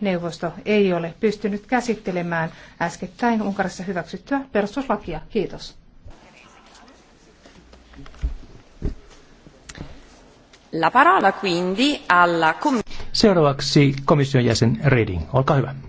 neuvosto ei ole pystynyt käsittelemään äskettäin Unkarissa hyväksyttyä perustuslakia. Kiitos. La parola quindi alla Seuraavaksi komission jäsen Reding. Olkaa hyvä.